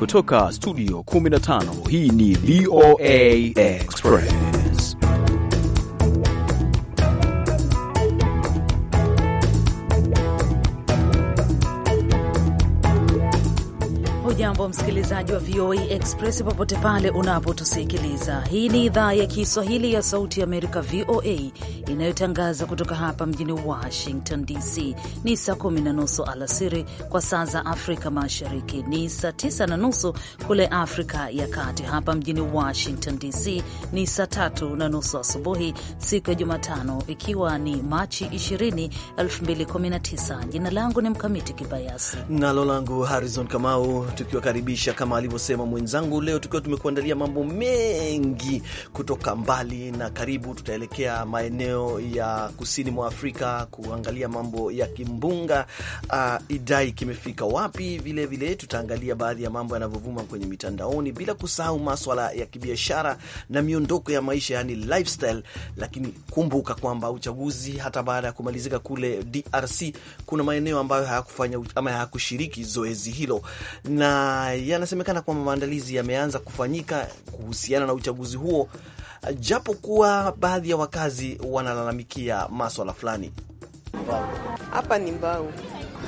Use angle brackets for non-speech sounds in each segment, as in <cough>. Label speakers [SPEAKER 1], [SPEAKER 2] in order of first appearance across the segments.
[SPEAKER 1] Kutoka studio 15 hii ni VOA Express.
[SPEAKER 2] Hujambo msikilizaji wa VOA Express popote pale unapotusikiliza. Hii ni idhaa ya Kiswahili ya Sauti Amerika, VOA inayotangaza kutoka hapa mjini Washington DC. Ni saa kumi na nusu alasiri kwa saa za Afrika Mashariki, ni saa tisa na nusu kule Afrika ya Kati. Hapa mjini Washington DC ni saa tatu na nusu asubuhi, siku ya Jumatano, ikiwa ni Machi 20, 2019. Jina langu ni Mkamiti Kibayasi
[SPEAKER 1] nalo langu Harrison Kamau, tukiwakaribisha kama alivyosema mwenzangu. Leo tukiwa tumekuandalia mambo mengi kutoka mbali na karibu, tutaelekea maeneo maeneo ya kusini mwa Afrika kuangalia mambo ya kimbunga uh, Idai kimefika wapi. Vilevile tutaangalia baadhi ya mambo yanavyovuma kwenye mitandaoni, bila kusahau maswala ya kibiashara na miondoko ya maisha, yani lifestyle. Lakini kumbuka kwamba uchaguzi hata baada ya kumalizika kule DRC kuna maeneo ambayo hayakufanya ama hayakushiriki zoezi hilo, na yanasemekana kwamba maandalizi yameanza kufanyika kuhusiana na uchaguzi huo japokuwa baadhi ya wakazi wanalalamikia maswala fulani.
[SPEAKER 3] Hapa ni mbau,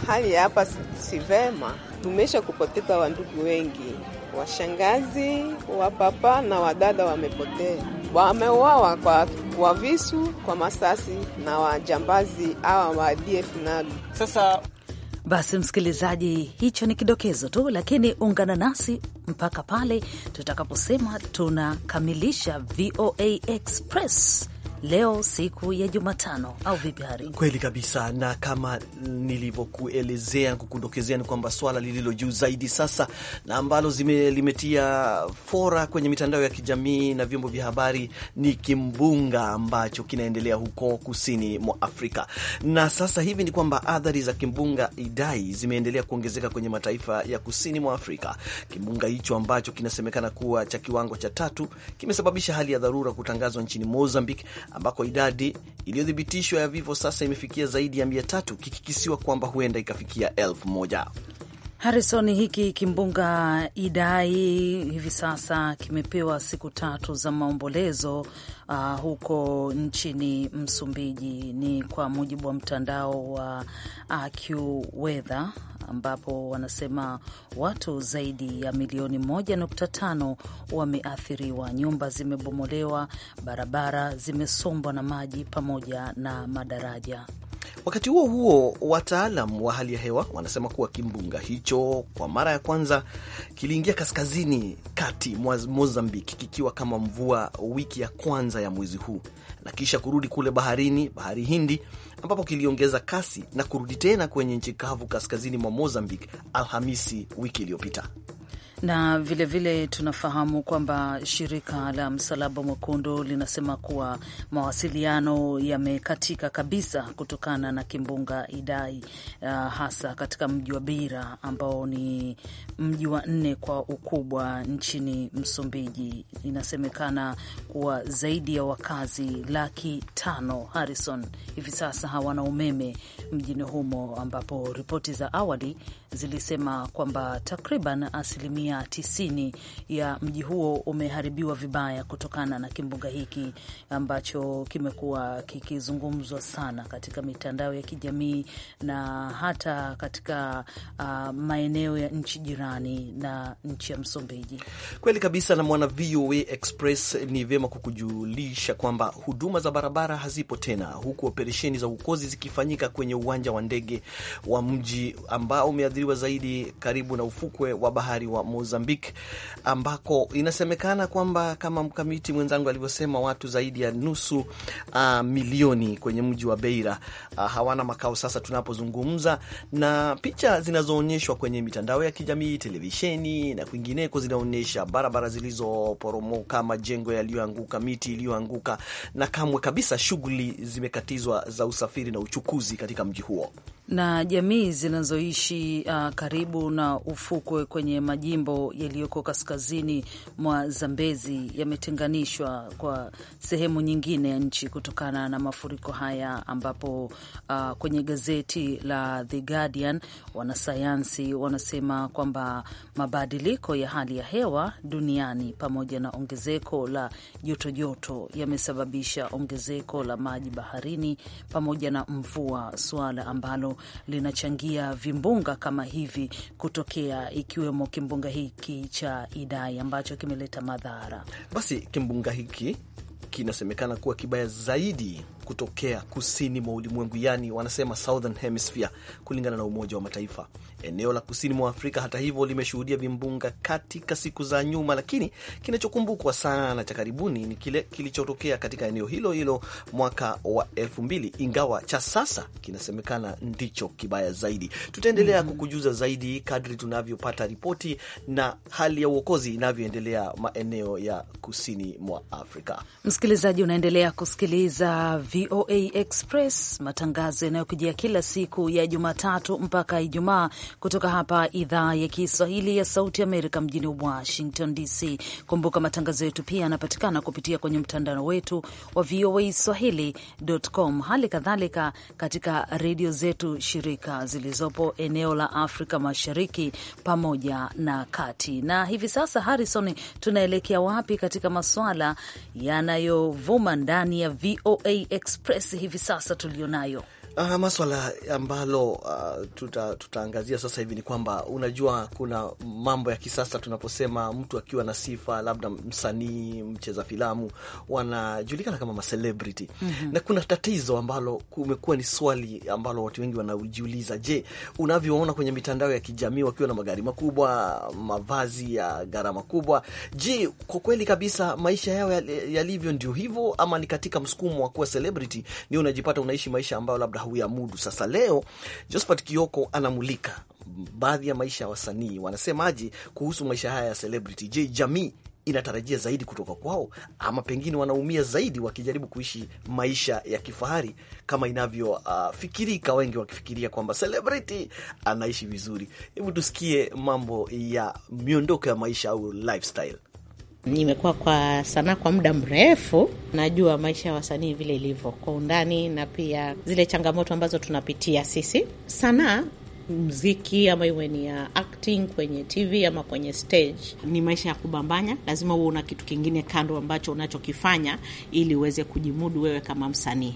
[SPEAKER 3] hali ya hapa si vema, tumesha kupoteza wandugu wengi, washangazi, wapapa na wadada wamepotea, wameuawa kwa wavisu, kwa masasi na wajambazi awa wa DF nalu sasa
[SPEAKER 2] basi msikilizaji, hicho ni kidokezo tu, lakini ungana nasi mpaka pale tutakaposema tunakamilisha VOA Express leo siku ya Jumatano, au vipi Hari?
[SPEAKER 1] Kweli kabisa, na kama nilivyokuelezea kukudokezea, ni kwamba swala lililo juu zaidi sasa na ambalo zime, limetia fora kwenye mitandao ya kijamii na vyombo vya habari ni kimbunga ambacho kinaendelea huko kusini mwa Afrika. Na sasa hivi ni kwamba athari za kimbunga Idai zimeendelea kuongezeka kwenye mataifa ya kusini mwa Afrika. Kimbunga hicho ambacho kinasemekana kuwa cha kiwango cha tatu kimesababisha hali ya dharura kutangazwa nchini Mozambique ambako idadi iliyothibitishwa ya vifo sasa imefikia zaidi ya mia tatu kikikisiwa kwamba huenda ikafikia elfu moja.
[SPEAKER 2] Harrison, hiki kimbunga Idai hivi sasa kimepewa siku tatu za maombolezo uh, huko nchini Msumbiji. Ni kwa mujibu wa mtandao wa uh, ambapo wanasema watu zaidi ya milioni 1.5 wameathiriwa. Nyumba zimebomolewa, barabara zimesombwa na maji pamoja na madaraja.
[SPEAKER 1] Wakati huo huo, wataalam wa hali ya hewa wanasema kuwa kimbunga hicho kwa mara ya kwanza kiliingia kaskazini kati mwa Mozambiki kikiwa kama mvua wiki ya kwanza ya mwezi huu na kisha kurudi kule baharini, bahari Hindi, ambapo kiliongeza kasi na kurudi tena kwenye nchi kavu kaskazini mwa Mozambique Alhamisi wiki iliyopita
[SPEAKER 2] na vilevile vile tunafahamu kwamba shirika la Msalaba Mwekundu linasema kuwa mawasiliano yamekatika kabisa kutokana na kimbunga Idai, uh, hasa katika mji wa Beira ambao ni mji wa nne kwa ukubwa nchini Msumbiji. Inasemekana kuwa zaidi ya wakazi laki tano Harrison hivi sasa hawana umeme mjini humo, ambapo ripoti za awali zilisema kwamba takriban asilimia 90 ya mji huo umeharibiwa vibaya kutokana na kimbunga hiki ambacho kimekuwa kikizungumzwa sana katika mitandao ya kijamii na hata katika uh, maeneo ya nchi jirani na nchi ya Msumbiji.
[SPEAKER 1] Kweli kabisa. Na mwana VOA Express, ni vyema kukujulisha kwamba huduma za barabara hazipo tena, huku operesheni za uokozi zikifanyika kwenye uwanja wa ndege wa mji ambao umeathirika kuhifadhiwa zaidi karibu na ufukwe wa bahari wa Mozambique, ambako inasemekana kwamba kama mkamiti mwenzangu alivyosema, watu zaidi ya nusu uh, milioni kwenye mji wa Beira uh, hawana makao sasa tunapozungumza, na picha zinazoonyeshwa kwenye mitandao ya kijamii, televisheni na kwingineko zinaonyesha barabara zilizoporomoka, majengo yaliyoanguka, miti iliyoanguka, na kamwe kabisa shughuli zimekatizwa za usafiri na uchukuzi katika mji huo
[SPEAKER 2] na jamii zinazoishi uh, karibu na ufukwe kwenye majimbo yaliyoko kaskazini mwa Zambezi yametenganishwa kwa sehemu nyingine ya nchi kutokana na mafuriko haya, ambapo uh, kwenye gazeti la The Guardian wanasayansi wanasema kwamba mabadiliko ya hali ya hewa duniani pamoja na ongezeko la jotojoto yamesababisha ongezeko la maji baharini pamoja na mvua, suala ambalo linachangia vimbunga kama hivi kutokea, ikiwemo kimbunga hiki cha Idai ambacho kimeleta madhara.
[SPEAKER 1] Basi kimbunga hiki kinasemekana kuwa kibaya zaidi kutokea kusini mwa ulimwengu, yani wanasema Southern Hemisphere, kulingana na Umoja wa Mataifa. Eneo la kusini mwa Afrika hata hivyo limeshuhudia vimbunga katika siku za nyuma, lakini kinachokumbukwa sana cha karibuni ni kile kilichotokea katika eneo hilo hilo mwaka wa elfu mbili, ingawa cha sasa kinasemekana ndicho kibaya zaidi. Tutaendelea mm -hmm. kukujuza zaidi kadri tunavyopata ripoti na hali ya uokozi inavyoendelea maeneo ya kusini mwa
[SPEAKER 2] Afrika. Msikilizaji, unaendelea kusikiliza VOA Express, matangazo yanayokujia kila siku ya Jumatatu mpaka Ijumaa kutoka hapa idhaa ya Kiswahili ya Sauti Amerika mjini Washington DC. Kumbuka matangazo yetu pia yanapatikana kupitia kwenye mtandao wetu wa VOA Swahili.com, hali kadhalika katika redio zetu shirika zilizopo eneo la Afrika Mashariki pamoja na kati. Na hivi sasa, Harrison, tunaelekea wapi katika masuala yanayovuma ndani ya VOA Express hivi sasa tulionayo. Uh, maswala ambalo uh, tuta, tutaangazia sasa hivi ni kwamba unajua,
[SPEAKER 1] kuna mambo ya kisasa tunaposema mtu akiwa na sifa labda msanii, mcheza filamu, wanajulikana kama macelebrity mm -hmm. Na kuna tatizo ambalo kumekuwa ni swali ambalo watu wengi wanajiuliza, je, unavyoona kwenye mitandao ya kijamii wakiwa na magari makubwa, mavazi ya gharama kubwa, je, kwa kweli kabisa maisha yao yalivyo ndio hivyo, ama ni katika msukumo wa kuwa celebrity ndio unajipata unaishi maisha ambayo labda huyamudu. Sasa leo Josephat Kioko anamulika baadhi ya maisha ya wasanii, wanasemaje kuhusu maisha haya ya celebrity? Je, jamii inatarajia zaidi kutoka kwao ama pengine wanaumia zaidi wakijaribu kuishi maisha ya kifahari kama inavyofikirika, uh, wengi wakifikiria kwamba celebrity anaishi vizuri. Hebu tusikie mambo ya miondoko ya maisha au lifestyle.
[SPEAKER 4] Nimekuwa kwa sanaa kwa muda mrefu, najua maisha ya wasanii vile ilivyo kwa undani, na pia zile changamoto ambazo tunapitia sisi. Sanaa mziki ama iwe ni ya acting kwenye TV ama kwenye stage. Ni maisha ya kubambanya, lazima uwe una kitu kingine kando ambacho unachokifanya ili uweze kujimudu wewe kama msanii.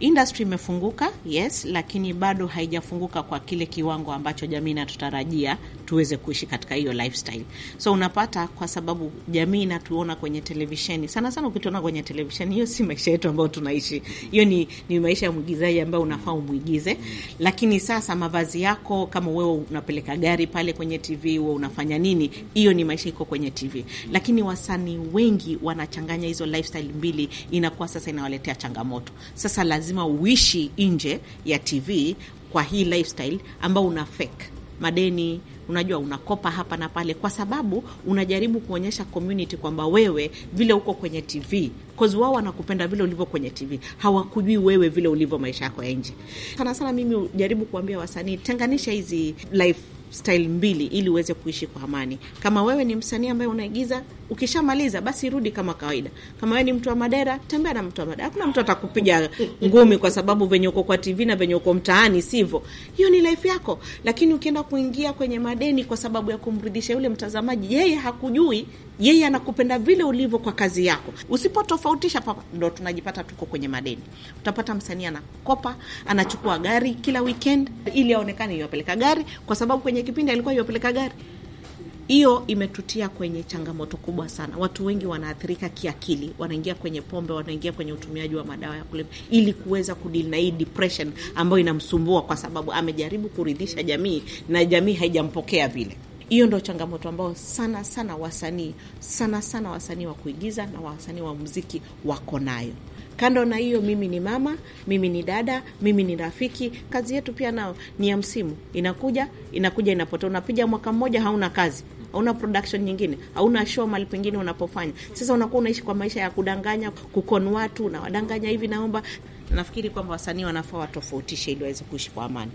[SPEAKER 4] Industry imefunguka yes, lakini bado haijafunguka kwa kile kiwango ambacho jamii inatutarajia tuweze kuishi katika hiyo lifestyle. So unapata kwa sababu jamii inatuona kwenye televisheni sana sana, ukituona kwenye televisheni, hiyo si maisha yetu ambayo tunaishi. Hiyo ni, ni maisha ya mwigizaji ambayo unafaa umwigize, lakini sasa mavazi yako yako, kama wewe unapeleka gari pale kwenye TV, wewe unafanya nini, hiyo ni maisha iko kwenye TV. Lakini wasanii wengi wanachanganya hizo lifestyle mbili, inakuwa sasa inawaletea changamoto. Sasa lazima uishi nje ya TV kwa hii lifestyle ambao una fake madeni unajua unakopa hapa na pale, kwa sababu unajaribu kuonyesha community kwamba wewe vile uko kwenye TV cause wao wanakupenda vile ulivyo kwenye TV, hawakujui wewe vile ulivyo maisha yako ya nje. Sana sana mimi jaribu kuambia wasanii, tenganisha hizi life style mbili ili uweze kuishi kwa amani. Kama wewe ni msanii ambaye unaigiza, ukishamaliza basi rudi kama kawaida. Kama wewe ni mtu wa madera, tembea na mtu wa madera. Hakuna mtu atakupiga ngumi kwa sababu venye uko kwa TV na venye uko mtaani sivyo. Hiyo ni life yako, lakini ukienda kuingia kwenye madeni kwa sababu ya kumridhisha yule mtazamaji. Yeye hakujui, yeye anakupenda vile ulivyo kwa kazi yako. Usipotofautisha papa, ndo tunajipata tuko kwenye madeni. Utapata msanii anakopa, anachukua gari kila weekend ili aonekane iwapeleka gari, kwa sababu kwenye kipindi alikuwa iwapeleka gari hiyo imetutia kwenye changamoto kubwa sana. Watu wengi wanaathirika kiakili, wanaingia kwenye pombe, wanaingia kwenye utumiaji wa madawa ya kulevya ili kuweza kudili na hii depression ambayo inamsumbua, kwa sababu amejaribu kuridhisha jamii na jamii haijampokea vile. Hiyo ndo changamoto ambayo sana sana wasanii sana sana wasanii wa kuigiza na wasanii wa muziki wako nayo. Kando na hiyo, mimi ni mama, mimi ni dada, mimi ni rafiki. Kazi yetu pia nao ni ya msimu, inakuja inakuja, inapotea. Unapiga mwaka mmoja, hauna kazi hauna production nyingine, hauna show mali pengine unapofanya. Sasa unakuwa unaishi kwa maisha ya kudanganya, kukon watu na wadanganya hivi. Naomba, nafikiri kwamba wasanii wanafaa watofautishe ili waweze kuishi kwa amani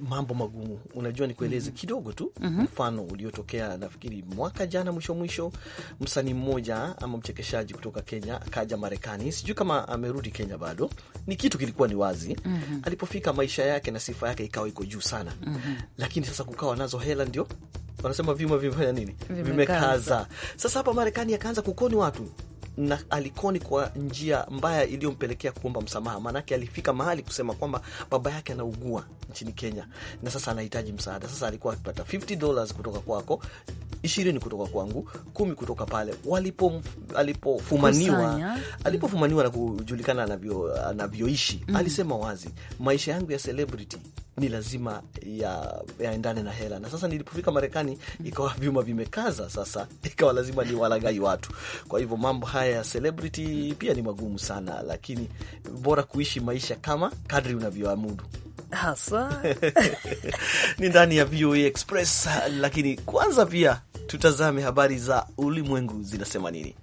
[SPEAKER 4] mambo magumu. Unajua, nikueleze mm -hmm. kidogo tu mm-hmm.
[SPEAKER 1] mfano mm -hmm. uliotokea nafikiri mwaka jana mwisho mwisho, msanii mmoja ama mchekeshaji kutoka Kenya akaja Marekani, sijui kama amerudi Kenya bado. Ni kitu kilikuwa ni wazi mm -hmm. alipofika, maisha yake na sifa yake ikawa iko juu sana mm -hmm. lakini sasa kukawa nazo hela, ndio wanasema vyuma vimefanya nini, vimekaza. Sasa hapa Marekani akaanza kukoni watu na alikoni kwa njia mbaya iliyompelekea kuomba msamaha. Maanake alifika mahali kusema kwamba baba yake anaugua nchini Kenya na sasa anahitaji msaada. Sasa alikuwa akipata 50 dollars kutoka kwako, ishirini kutoka kwangu, kumi kutoka pale walipo alipofumaniwa alipofumaniwa na kujulikana anavyoishi, mm -hmm. Alisema wazi, maisha yangu ya celebrity ni lazima yaendane ya na hela. Na sasa nilipofika Marekani ikawa vyuma vimekaza, sasa <laughs> ikawa lazima ni walagai watu. Kwa hivyo mambo haya ya celebrity pia ni magumu sana, lakini bora kuishi maisha kama kadri unavyoamudu
[SPEAKER 2] hasa.
[SPEAKER 1] <laughs> Ni ndani ya VOA Express, lakini kwanza pia tutazame habari za ulimwengu zinasema nini.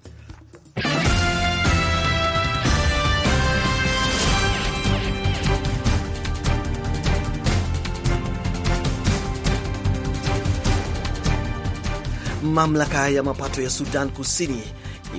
[SPEAKER 1] mamlaka ya mapato ya Sudan Kusini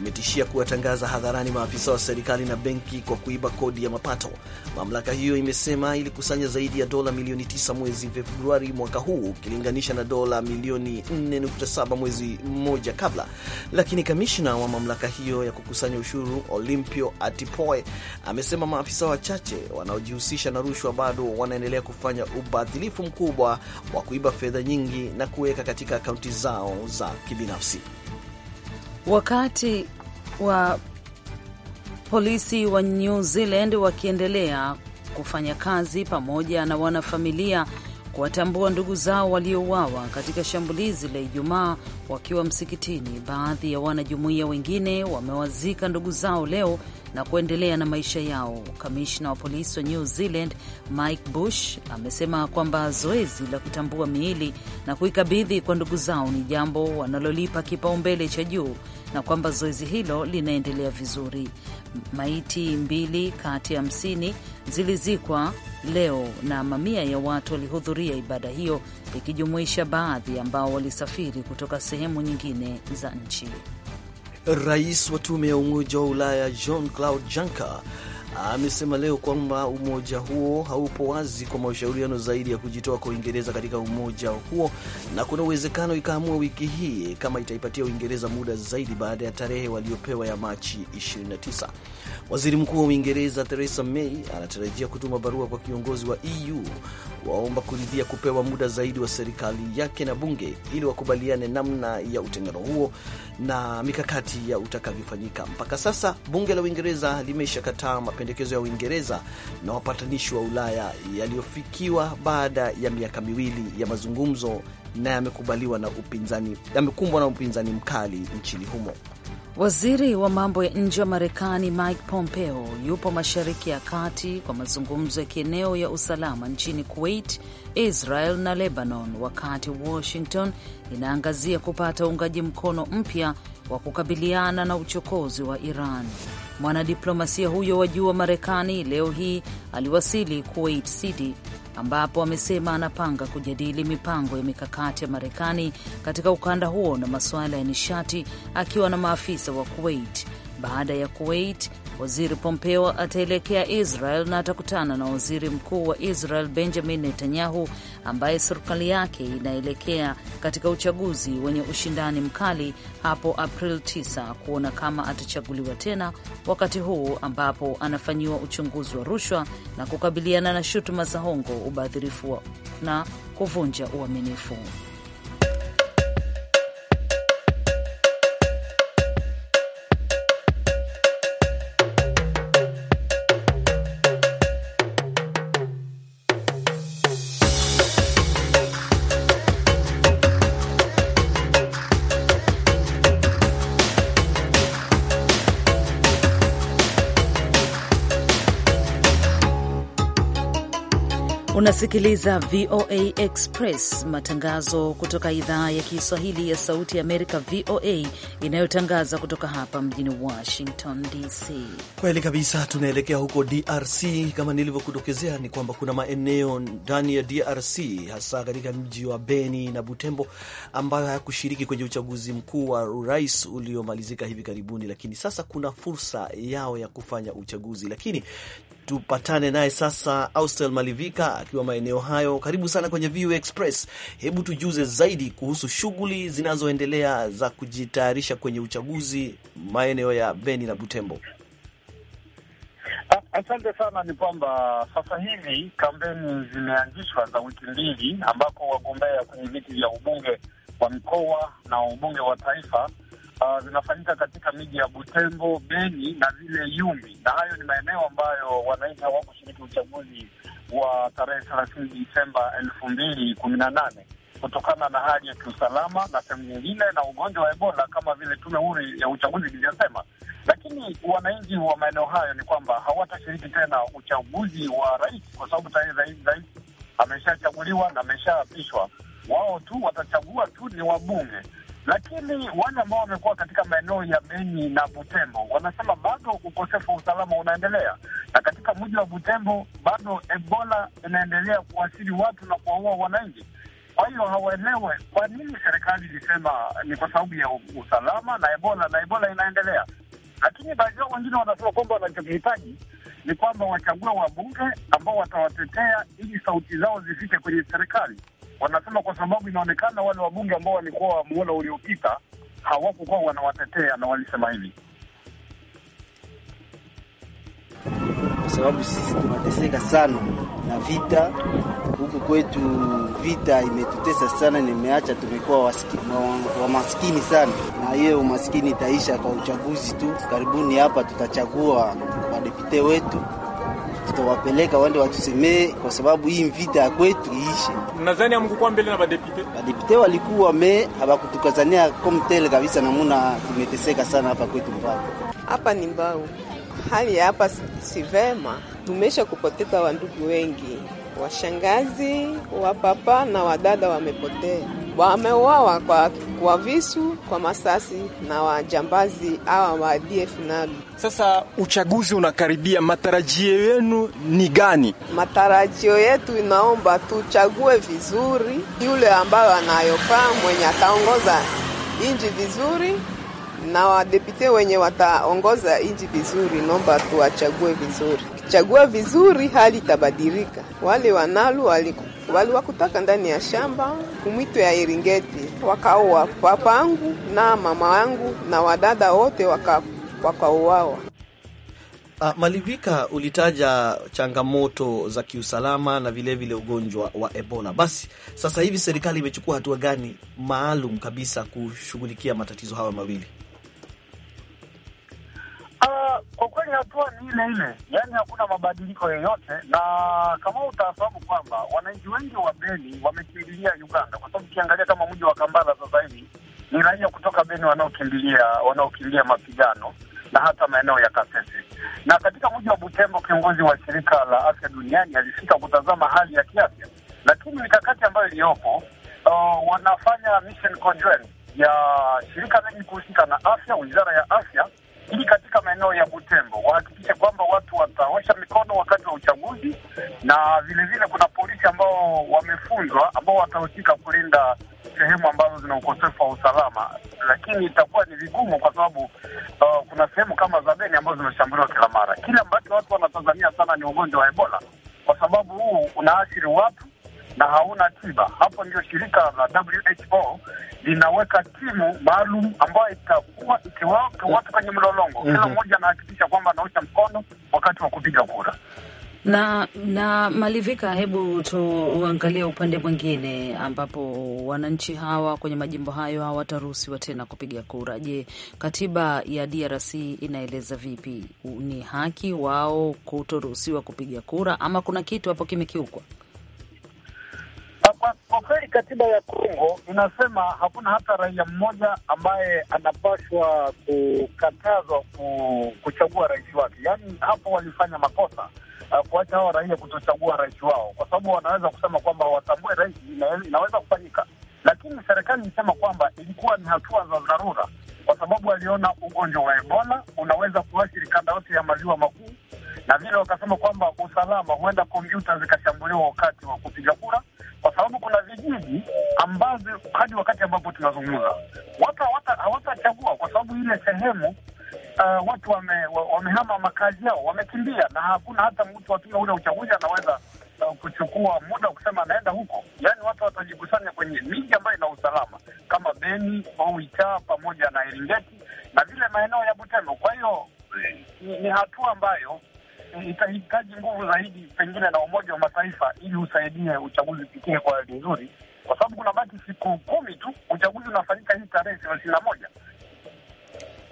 [SPEAKER 1] imetishia kuwatangaza hadharani maafisa wa serikali na benki kwa kuiba kodi ya mapato. Mamlaka hiyo imesema ilikusanya zaidi ya dola milioni 9 mwezi Februari mwaka huu ukilinganisha na dola milioni 4.7 mwezi mmoja kabla, lakini kamishna wa mamlaka hiyo ya kukusanya ushuru Olimpio Atipoe amesema maafisa wachache wanaojihusisha na rushwa bado wanaendelea kufanya ubadhilifu mkubwa wa kuiba fedha nyingi na kuweka katika akaunti zao za kibinafsi
[SPEAKER 2] wakati wa polisi wa New Zealand wakiendelea kufanya kazi pamoja na wanafamilia kuwatambua ndugu zao waliouawa katika shambulizi la Ijumaa wakiwa msikitini. Baadhi ya wanajumuiya wengine wamewazika ndugu zao leo na kuendelea na maisha yao. Kamishna wa polisi wa New Zealand Mike Bush amesema kwamba zoezi la kutambua miili na kuikabidhi kwa ndugu zao ni jambo wanalolipa kipaumbele cha juu na kwamba zoezi hilo linaendelea vizuri. Maiti mbili kati ya hamsini zilizikwa leo na mamia ya watu walihudhuria ibada hiyo ikijumuisha baadhi ambao walisafiri kutoka sehemu nyingine za nchi.
[SPEAKER 1] Rais wa Tume ya Umoja wa Ulaya Jean Claude Juncker amesema leo kwamba umoja huo haupo wazi kwa mashauriano zaidi ya kujitoa kwa Uingereza katika umoja huo, na kuna uwezekano ikaamua wiki hii kama itaipatia Uingereza muda zaidi baada ya tarehe waliopewa ya Machi 29. Waziri Mkuu wa Uingereza Theresa May anatarajia kutuma barua kwa kiongozi wa EU waomba kuridhia kupewa muda zaidi wa serikali yake na bunge ili wakubaliane namna ya utengano huo na mikakati ya utakavyofanyika. Mpaka sasa bunge la Uingereza limeshakataa mapendekezo ya Uingereza na wapatanishi wa Ulaya yaliyofikiwa baada ya miaka miwili ya mazungumzo na yamekubaliwa na upinzani, yamekumbwa na upinzani mkali nchini humo.
[SPEAKER 2] Waziri wa mambo ya nje wa Marekani Mike Pompeo yupo Mashariki ya Kati kwa mazungumzo ya kieneo ya usalama nchini Kuwait, Israel na Lebanon, wakati Washington inaangazia kupata uungaji mkono mpya wa kukabiliana na uchokozi wa Iran. Mwanadiplomasia huyo wa juu wa Marekani leo hii aliwasili Kuwait City ambapo amesema anapanga kujadili mipango ya mikakati ya Marekani katika ukanda huo na masuala ya nishati akiwa na maafisa wa Kuwait baada ya Kuwait Waziri Pompeo ataelekea Israel na atakutana na waziri mkuu wa Israel Benjamin Netanyahu, ambaye serikali yake inaelekea katika uchaguzi wenye ushindani mkali hapo April 9 kuona kama atachaguliwa tena, wakati huu ambapo anafanyiwa uchunguzi wa rushwa na kukabiliana na shutuma za hongo, ubadhirifu na kuvunja uaminifu. unasikiliza VOA Express, matangazo kutoka idhaa ya Kiswahili ya Sauti ya Amerika, VOA, inayotangaza kutoka hapa mjini Washington DC.
[SPEAKER 1] Kweli kabisa, tunaelekea huko DRC. Kama nilivyokutokezea, ni kwamba kuna maeneo ndani ya DRC, hasa katika mji wa Beni na Butembo, ambayo hayakushiriki kwenye uchaguzi mkuu wa urais uliomalizika hivi karibuni, lakini sasa kuna fursa yao ya kufanya uchaguzi, lakini tupatane naye sasa, Austel Malivika akiwa maeneo hayo. Karibu sana kwenye VU Express. Hebu tujuze zaidi kuhusu shughuli zinazoendelea za kujitayarisha kwenye uchaguzi maeneo ya Beni na Butembo.
[SPEAKER 5] Asante sana. Ni kwamba sasa hivi kampeni zimeanzishwa za wiki mbili, ambako wagombea kwenye viti vya ubunge wa mkoa na ubunge wa taifa uh, zinafanyika katika miji ya Butembo, Beni na vile Yumbi, na hayo ni maeneo ambayo wananchi hawakushiriki uchaguzi wa tarehe thelathini Disemba elfu mbili kumi na nane kutokana na hali ya kiusalama na sehemu nyingine na ugonjwa wa Ebola kama vile tume huru ya uchaguzi ilivyosema. Lakini wananchi wa maeneo hayo ni kwamba hawatashiriki tena uchaguzi wa rais kwa sababu tayari rais ameshachaguliwa na ameshaapishwa. Wao tu watachagua tu ni wabunge lakini wale ambao wamekuwa katika maeneo ya Beni na Butembo wanasema bado ukosefu wa usalama unaendelea, na katika mji wa Butembo bado Ebola inaendelea kuasiri watu na kuwaua wananchi. Kwa hiyo hawaelewe kwa nini serikali ilisema ni kwa sababu ya usalama na Ebola, na Ebola inaendelea, lakini baadhi yao wengine wanasema kwamba wanachokihitaji ni kwamba wachague wabunge ambao watawatetea ili sauti zao zifike kwenye serikali. Wanasema kwa sababu inaonekana wale wabunge ambao walikuwa wa muhula uliopita hawakukuwa wanawatetea, na walisema hivi kwa sababu sisi tunateseka sana
[SPEAKER 1] na vita huku kwetu, vita imetutesa sana, nimeacha tumekuwa wamaskini wa sana, na hiyo umaskini itaisha kwa uchaguzi tu. Karibuni
[SPEAKER 6] hapa tutachagua wadepute wetu tutawapeleka waende watusemee, kwa sababu hii mvita ya kwetu iishe. Nadhani amkukua mbele na badepute, badepute walikuwa
[SPEAKER 1] me habakutukazania komtele kabisa, namuna tumeteseka sana hapa kwetu. Mbao
[SPEAKER 3] hapa ni mbao, hali ya hapa si vema, tumesha kupoteza wandugu wengi, washangazi, wapapa na wadada wamepotea wameuawa kwa, kwa visu, kwa masasi na wajambazi awa wa DFNL.
[SPEAKER 6] Sasa uchaguzi unakaribia, matarajio yenu ni gani?
[SPEAKER 3] Matarajio yetu inaomba tuchague vizuri yule ambayo anayofaa mwenye ataongoza inji vizuri na wadepute wenye wataongoza nji vizuri, naomba tuwachague vizuri. Kichagua vizuri, hali itabadilika. Wale wanalu wali waliwakutaka ndani ya shamba kumwito ya Eringeti, wakaoa angu na mama wangu na wadada wote wakauawa.
[SPEAKER 1] Uh, Malivika, ulitaja changamoto za kiusalama na vilevile vile ugonjwa wa Ebola. Basi sasa hivi serikali imechukua hatua gani maalum kabisa kushughulikia matatizo hayo mawili?
[SPEAKER 5] Uh, kwa kweli hatua ni ile ile, yaani hakuna mabadiliko yoyote, na kama utafahamu kwamba wananchi wengi wa Beni wamekimbilia Uganda, kwa sababu ukiangalia kama mji wa kambala sasa hivi ni raia kutoka Beni wanaokimbilia wanaokimbilia mapigano na hata maeneo ya Kasese. Na katika mji wa Butembo, kiongozi wa shirika la afya duniani alifika kutazama hali ya kiafya, lakini mikakati ambayo iliyopo uh, wanafanya mission conjoint ya shirika lenye kuhusika na afya, wizara ya afya ili katika maeneo ya Butembo wahakikishe kwamba watu wataosha mikono wakati wa uchaguzi, na vilevile kuna polisi ambao wamefunzwa ambao watahusika kulinda sehemu ambazo zina ukosefu wa usalama, lakini itakuwa ni vigumu kwa sababu uh, kuna sehemu kama za Beni ambazo zimeshambuliwa kila mara. Kile ambacho watu wanatazamia sana ni ugonjwa wa Ebola, kwa sababu huu unaathiri watu na hauna tiba. Hapo ndio shirika la WHO linaweka timu maalum ambayo itakuwa ikiwaweka watu kwenye mlolongo, kila mm -hmm. mmoja anahakikisha kwamba anaosha mkono wakati wa kupiga kura na
[SPEAKER 2] na malivika, hebu tuangalie upande mwingine ambapo wananchi hawa kwenye majimbo hayo hawataruhusiwa tena kupiga kura. Je, katiba ya DRC inaeleza vipi? Ni haki wao kutoruhusiwa kupiga kura ama kuna kitu hapo kimekiukwa?
[SPEAKER 5] kweli katiba ya Kongo inasema hakuna hata raia mmoja ambaye anapashwa kukatazwa kuchagua rais wake. Yaani hapo walifanya makosa uh, kuacha hawa raia kutochagua rais wao, kwa sababu wanaweza kusema kwamba watambue rais, inaweza kufanyika, lakini serikali ilisema kwamba ilikuwa ni hatua za dharura, kwa sababu aliona ugonjwa wa Ebola unaweza kuathiri kanda yote ya maziwa makuu, na vile wakasema kwamba usalama, huenda kompyuta zikashambuliwa wakati wa kupiga kura chaguzi ambazo hadi wakati ambapo tunazungumza watu hawatachagua kwa sababu ile sehemu Uh, watu wame, wamehama makazi yao, wamekimbia na hakuna hata mtu wa tume ule uchaguzi anaweza uh, kuchukua muda kusema anaenda huko. Yaani watu watajikusanya kwenye miji ambayo ina usalama kama Beni au Itaa pamoja na Eringeti na vile maeneo ya Butembo. Kwa hiyo ni, ni hatua ambayo itahitaji nguvu zaidi pengine na Umoja wa Mataifa ili usaidie uchaguzi upitie kwa nzuri, kwa sababu kuna baki siku kumi tu uchaguzi unafanyika hii tarehe thelathini na moja.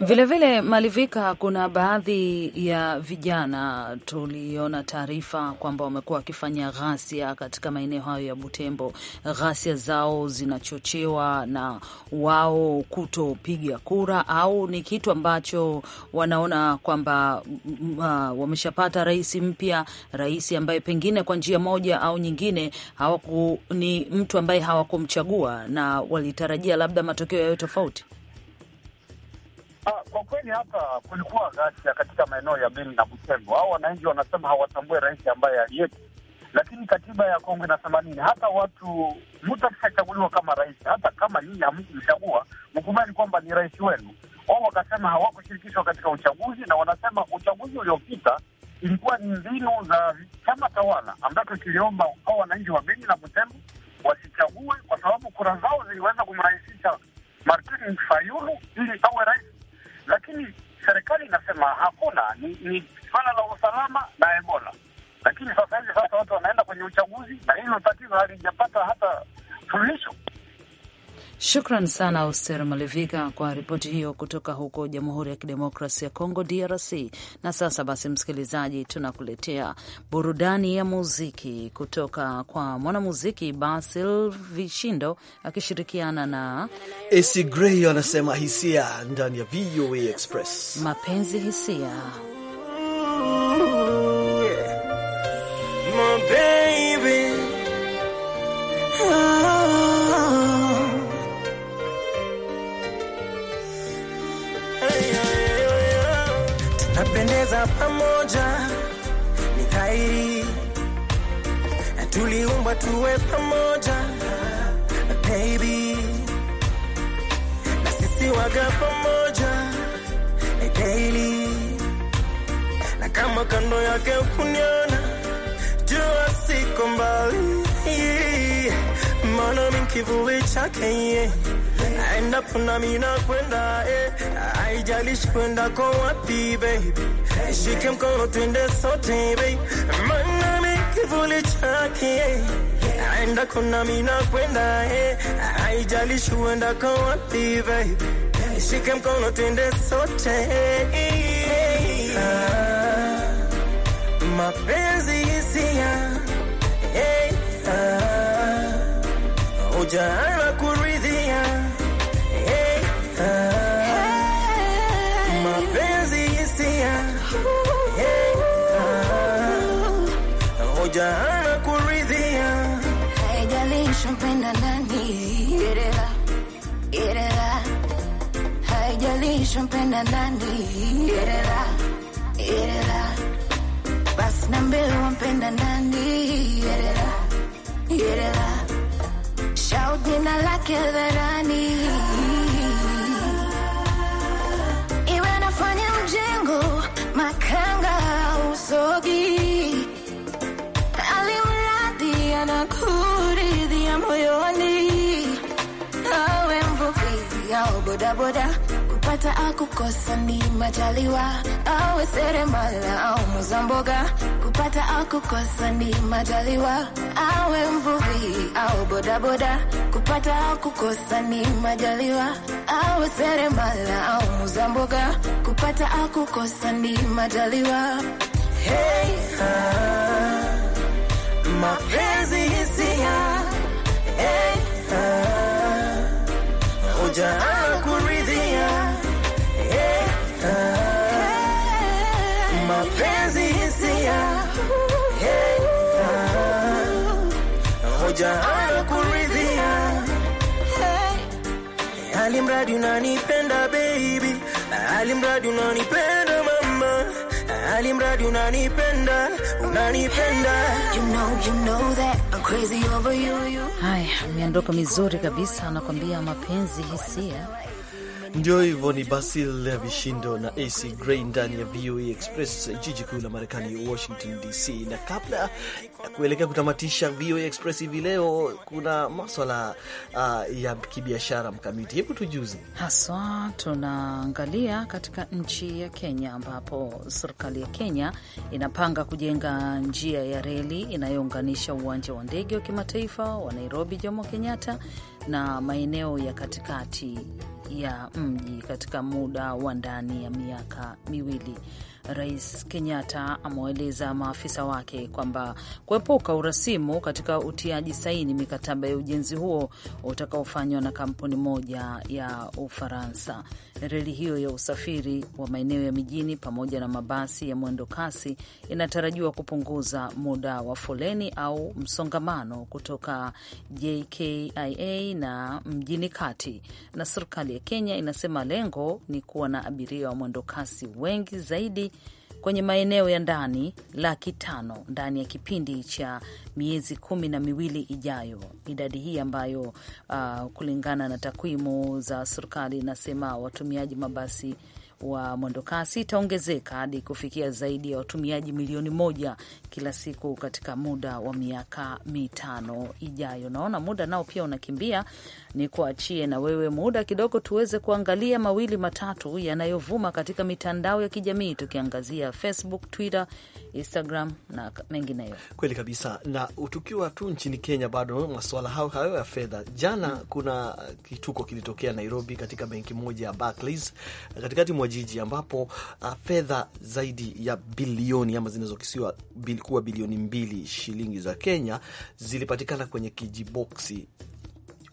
[SPEAKER 2] Vilevile Malivika, kuna baadhi ya vijana tuliona taarifa kwamba wamekuwa wakifanya ghasia katika maeneo hayo ya Butembo. Ghasia zao zinachochewa na wao kutopiga kura, au ni kitu ambacho wanaona kwamba uh, wameshapata rais mpya, rais ambaye pengine kwa njia moja au nyingine hawaku, ni mtu ambaye hawakumchagua na walitarajia labda matokeo yayo tofauti
[SPEAKER 5] kwa kweli hapa kulikuwa ghasia katika maeneo ya Beni na Butembo. Hao wananchi wanasema hawatambue rais ambaye aliyepo, lakini katiba ya Kongo inasema nini? Hata watu mtu akishachaguliwa kama rais, hata kama nyinyi hamkumchagua, mkubali kwamba ni rais wenu. Wao wakasema hawakushirikishwa katika uchaguzi, na wanasema uchaguzi uliopita ilikuwa ni mbinu za chama tawala ambacho kiliomba hao wananchi wa Beni na Butembo wasichague kwa sababu kura zao ziliweza kumrahisisha Martin Fayulu ili awe rais lakini serikali inasema hakuna, ni swala la usalama na Ebola. Lakini sasa hivi sasa watu wanaenda kwenye uchaguzi, na hilo tatizo halijapata hata suluhisho.
[SPEAKER 4] Shukran
[SPEAKER 2] sana oster Malivika kwa ripoti hiyo kutoka huko Jamhuri ya kidemokrasi ya Kongo, DRC. Na sasa basi, msikilizaji, tunakuletea burudani ya muziki kutoka kwa mwanamuziki Basil Vishindo akishirikiana na
[SPEAKER 1] Esi Grey, anasema hisia ndani ya VOA Express, mapenzi hisia
[SPEAKER 6] tuwe pamoja baby, na sisi waga pamoja daily, na kama kando yake ukuniona, jua siko mbali, maana mimi kivuli chake endapo nami nakwenda eh. haijalishi eh, kwenda kwa wapi baby, shike mkono twende sote baby, maana mimi kivuli chake endako nami nakwenda, eh. haijalishi uendako wapi baby, eh, shike mkono twende sote hey. Eh. Ah, mapenzi hisia hey. Ah, ujana kuridhia hey. Ah, mapenzi ah, anapenda nani, gerera gerera, haijalishi mpenda nani, gerera gerera, basi na mbele wampenda nani, gerera gerera, shout jina lake hadharani bodaboda kupata akukosa ni majaliwa, awe seremala au muza mboga kupata akukosa ni majaliwa, awe mvuvi au bodaboda kupata akukosa ni majaliwa, awe seremala au muza mboga kupata akukosa ni majaliwa. Hey, ah, mapenzi hisia hey, ah, uja moja hey. Alimradi unanipenda baby, alimradi unanipenda mama, alimradi unanipenda, unanipenda. You know, you
[SPEAKER 2] know that I'm crazy over you, you. Haya, miondoko mizuri kabisa anakwambia mapenzi hisia
[SPEAKER 1] ndio hivyo, ni Basil ya Vishindo na AC Grey ndani ya VOA e Express, jiji kuu la Marekani, Washington DC. Na kabla ya kuelekea kutamatisha VOA e Express hivi leo, kuna maswala uh, ya kibiashara
[SPEAKER 2] mkamiti, hebu tujuze haswa. Tunaangalia katika nchi ya Kenya, ambapo serikali ya Kenya inapanga kujenga njia ya reli inayounganisha uwanja wa ndege wa kimataifa wa Nairobi Jomo Kenyatta na maeneo ya katikati ya mji katika muda wa ndani ya miaka miwili. Rais Kenyatta amewaeleza maafisa wake kwamba kuepuka urasimu katika utiaji saini mikataba ya ujenzi huo utakaofanywa na kampuni moja ya Ufaransa. Reli hiyo ya usafiri wa maeneo ya mijini pamoja na mabasi ya mwendo kasi inatarajiwa kupunguza muda wa foleni au msongamano kutoka JKIA na mjini kati, na serikali ya serikali Kenya inasema lengo ni kuwa na abiria wa mwendokasi wengi zaidi kwenye maeneo ya ndani laki tano ndani ya kipindi cha miezi kumi na miwili ijayo. Idadi hii ambayo, uh, kulingana na takwimu za serikali, inasema watumiaji mabasi wa mwendokasi itaongezeka hadi kufikia zaidi ya watumiaji milioni moja kila siku katika muda wa miaka mitano ijayo. Naona muda nao pia unakimbia, ni kuachie na wewe muda kidogo, tuweze kuangalia mawili matatu yanayovuma katika mitandao ya kijamii, tukiangazia Facebook, Twitter, Instagram na mengineyo.
[SPEAKER 1] Kweli kabisa, na tukiwa tu nchini Kenya, bado masuala hayo hayo ya fedha. Jana hmm, kuna kituko kilitokea Nairobi katika benki moja ya Barclays katikati mwa jiji, ambapo uh, fedha zaidi ya bilioni ama zinazokisiwa bil, kuwa bilioni mbili shilingi za Kenya zilipatikana kwenye kijiboksi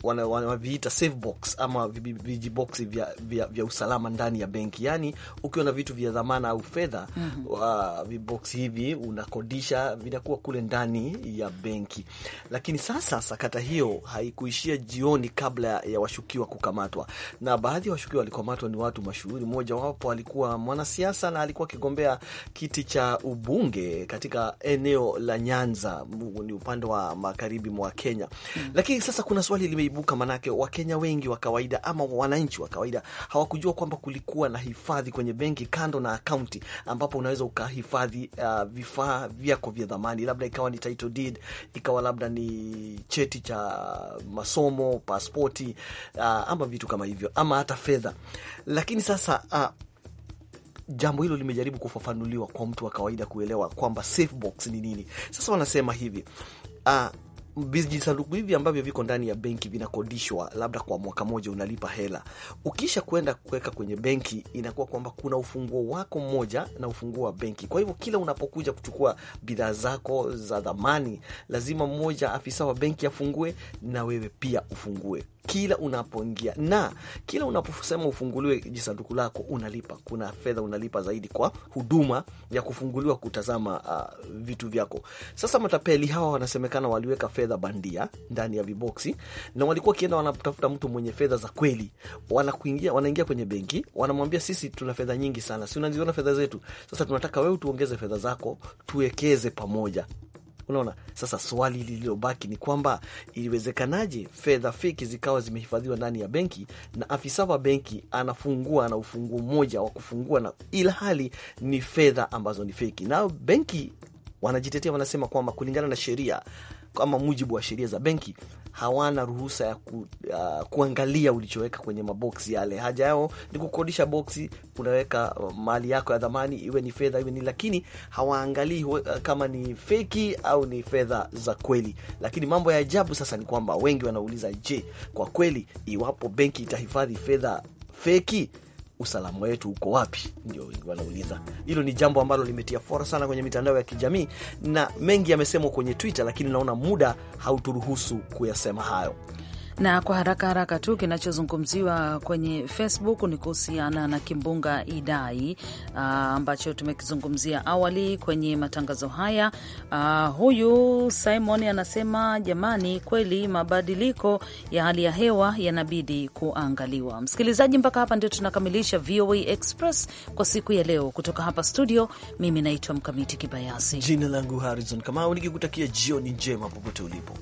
[SPEAKER 1] wanaviita safe box ama vijiboksi vya, vya, vya usalama ndani ya benki. Yani ukiwa na vitu vya dhamana au fedha mm -hmm. vibox hivi unakodisha vinakuwa kule ndani ya benki. Lakini sasa sakata hiyo haikuishia jioni kabla ya washukiwa kukamatwa, na baadhi ya washukiwa walikamatwa ni watu mashuhuri. Mmoja wapo alikuwa mwanasiasa na alikuwa akigombea kiti cha ubunge katika eneo la Nyanza, ni upande wa magharibi mwa Kenya. mm -hmm. Lakini sasa kuna swali lime imeibuka, manake Wakenya wengi wa kawaida ama wananchi wa kawaida hawakujua kwamba kulikuwa na hifadhi kwenye benki kando na akaunti, ambapo unaweza ukahifadhi uh, vifaa vyako vya dhamani, labda ikawa ni title deed, ikawa labda ni cheti cha masomo, paspoti uh, ama vitu kama hivyo, ama hata fedha. Lakini sasa uh, jambo hilo limejaribu kufafanuliwa kwa mtu wa kawaida kuelewa kwamba safe box ni nini. Sasa wanasema hivi uh, vijisanduku hivi ambavyo viko ndani ya benki vinakodishwa, labda kwa mwaka mmoja unalipa hela. Ukisha kwenda kuweka kwenye benki, inakuwa kwamba kuna ufunguo wako mmoja na ufunguo wa benki. Kwa hivyo kila unapokuja kuchukua bidhaa zako za dhamani, lazima mmoja afisa wa benki afungue na wewe pia ufungue kila unapoingia na kila unaposema ufunguliwe jisanduku lako, unalipa. Kuna fedha unalipa zaidi kwa huduma ya kufunguliwa, kutazama uh, vitu vyako. Sasa matapeli hawa wanasemekana waliweka fedha fedha bandia ndani ya viboksi, na walikuwa wakienda wanatafuta mtu mwenye fedha za kweli, wanakuingia wanaingia kwenye benki, wanamwambia sisi tuna fedha nyingi sana, si unaziona fedha zetu, sasa tunataka wewe tuongeze fedha zako tuwekeze pamoja. Unaona, sasa swali lililobaki ni kwamba iliwezekanaje fedha feki zikawa zimehifadhiwa ndani ya benki na afisa wa benki anafungua na ufunguo mmoja wa kufungua, na ila hali ni fedha ambazo ni feki, na benki wanajitetea wanasema kwamba kulingana na sheria ama mujibu wa sheria za benki hawana ruhusa ya ku, uh, kuangalia ulichoweka kwenye maboksi yale. Haja yao ni kukodisha boksi, unaweka uh, mali yako ya dhamani, iwe ni fedha iwe ni, lakini hawaangalii uh, kama ni feki au ni fedha za kweli. Lakini mambo ya ajabu sasa ni kwamba wengi wanauliza, je, kwa kweli iwapo benki itahifadhi fedha feki usalama wetu uko wapi? Ndio wengi wanauliza. Hilo ni jambo ambalo limetia fora sana kwenye mitandao ya kijamii na mengi yamesemwa kwenye Twitter, lakini naona muda hauturuhusu kuyasema hayo.
[SPEAKER 2] Na kwa haraka haraka tu kinachozungumziwa kwenye Facebook ni kuhusiana na kimbunga Idai ah, ambacho tumekizungumzia awali kwenye matangazo haya. Aa, ah, huyu Simon anasema jamani, kweli mabadiliko ya hali ya hewa yanabidi kuangaliwa. Msikilizaji, mpaka hapa ndio tunakamilisha VOA Express kwa siku ya leo. Kutoka hapa studio, mimi naitwa Mkamiti Kibayasi,
[SPEAKER 1] jina langu Harrison Kamau, nikikutakia jioni njema popote ulipo.